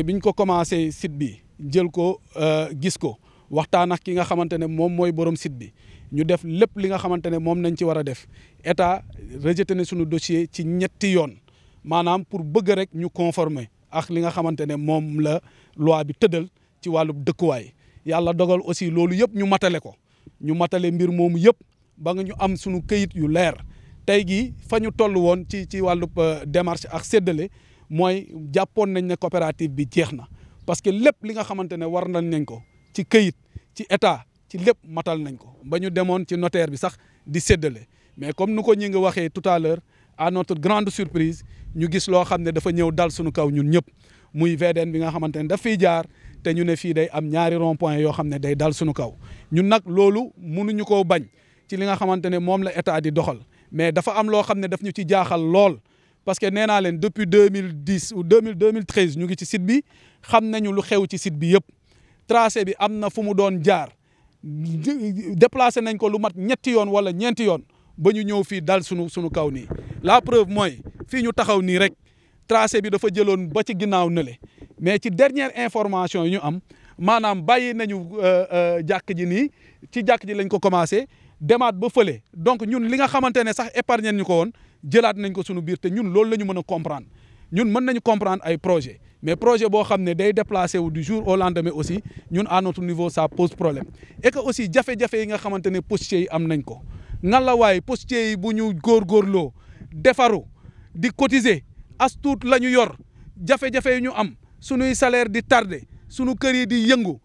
biñ ko commencé site bi jël ko euh, gis ko waxtaan ak ki nga xamante ne moom mooy borom site bi ñu def lépp li nga xamante ne moom nañ ci war a def état rejeté na suñu dossier ci ñetti yoon maanaam pour bëgg rek ñu conformer ak li nga xamante ne moom la loi bi tëddal ci wàllub dëkkuwaay yàlla dogal aussi loolu yëpp ñu matale ko ñu matale mbir moomu yëpp ba nga ñu am suñu këyit yu leer tey gi fa ñu toll woon ci ci wàllub euh, démarche ak séddale mooy jàppoon nañ ne coopérative bi jeex na parce que lépp li nga xamante ne war nañ nañ ko ci kayit ci état ci lépp matal nañ ko ba ñu demoon ci notaire bi sax di séddale mais comme nu ko ñi ngi waxee tout à l'heure à notre grande surprise ñu gis loo xam ne dafa ñëw dal suñu kaw ñun ñëpp muy VDN bi nga xamante ne daf fiy jaar te ñu ne fii day am ñaari rond yoo xam ne day dal suñu kaw ñun nag loolu mënuñu ko bañ ci li nga xamante ne moom la état di doxal mais dafa am loo xam ne daf ñu ci jaaxal lool parce que nee naa leen depuis deux mille dix ou deux mille deux mille treize ñu ngi ci site bi xam nañu lu xew ci site bi yëpp trace bi am na fu mu doon jaar déplacé nañ ko lu mat ñetti yoon wala ñeenti yoon ba ñu ñëw fii dal sunu sunu kaw nii la preuve mooy fii ñu taxaw nii rek trace bi dafa jëloon ba ci ginnaaw nële mais ci dernière information yi ñu am maanaam bàyyi nañu euh, euh, jàkk ji nii ci jàkk ji lañ ko commencé demaat ba fële donc ñun li nga xamante ne sax épargne ñu ko woon jëlaat nañ ko suñu biir te ñun loolu la ñu mën a comprendre ñun mën nañu comprendre ay projet mais projet boo xam ne day déplacé wu du jour au lendemain aussi ñun à notre niveau ça pose problème et que aussi jafe-jafe yi nga xamante ne postiers am nañ ko nan la waaye postiers yi bu ñu góorgóorloo defaru di cotiser as tuut la ñu yor jafe-jafe ñu am suñuy salaire di tardé sunu kër yi di yëngu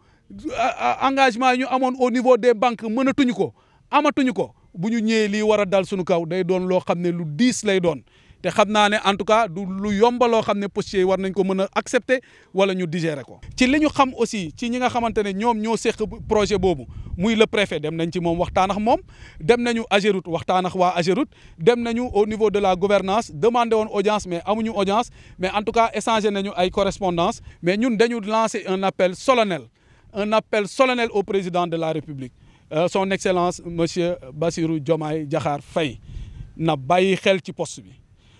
engagement yi ñu amoon au niveau des banques mënatuñu ko amatuñu ko bu ñu ñëwee lii war a dal suñu kaw day doon loo xam ne lu diis lay doon te xam naa ne en tout cas du lu yomba loo xam ne postiers yi war nañ ko mën a accepter wala ñu digérer ko. ci li ñu xam aussi ci ñi nga xamante ne ñoom ñoo seq projet boobu muy le préfet dem nañ ci moom waxtaan ak moom dem nañu Ageroute waxtaan ak waa Ageroute dem nañu au niveau de la gouvernance demandé woon audience mais amuñu audience mais en tout cas échangé nañu ay correspondance mais ñun dañu lancer un appel solennel un appel solennel au président de la République. Euh, son excellence monsieur Bassirou jomay Diakhar Faye na bàyyi xel ci post bi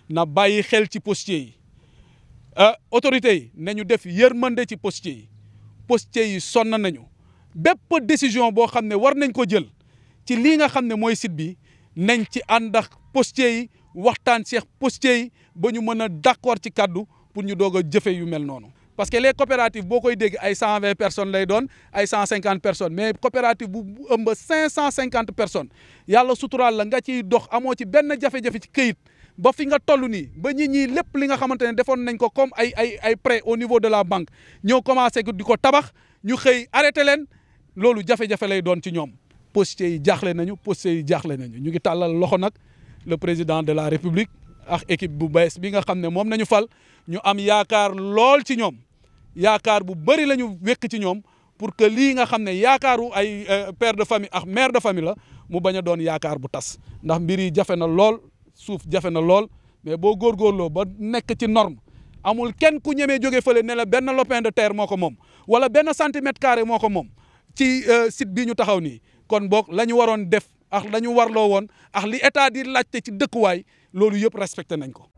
na bàyyi xel ci postier yi euh, autorités yi nañu def yërmande ci postier yi postier yi sonn nañu bépp décision boo xam ne war nañ ko jël ci lii nga xam ne mooy sit bi nañ ci ànd ak postier yi waxtaan seex postier yi ba ñu mën a d'accord ci kàddu pour ñu doog a jëfe yu mel noonu parce que les coopératives boo koy dégg ay cent vingt personnes doon ay cent cinquante personnes mais coopérative bu ëmb cinq cent cinquante personnes yàlla sutural la nga ciy dox amoo ci benn jafe-jafe ci kayit ba fi nga toll nii ba ñi ñi lépp li nga xamante ne defoon nañ ko comme ay ay ay au niveau de la banque ñoo commencé di ko tabax ñu xëy arrêté leen loolu jafe-jafe lay doon ci ñoom postiers yi jaaxle nañu postiers yi jaaxle nañu ñu ngi tàllal loxo nag le président de la république a équipe bu bees bi nga xam ne moom nañu fal ñu am yaakaar lool ci ñoom yaakaar bu bëri la ñu wekk ci ñoom pour que lii nga xam ne yaakaaru ay euh, père de famille ak mère de famille la mu bañ a doon yaakaar bu tas ndax mbir yi jafe na lool suuf jafe na lool mais boo góorgóorloo ba nekk ci norme amul kenn ku ñemee jóge fële nela la benn lopin de terre moo ko moom wala benn centimètre carré moo ko moom ci euh, site bi ñu taxaw nii kon boog la ñu waroon def ak la ñu warloo woon ak li état di laajte ci dëkkuwaay loolu yëpp respecté nañ ko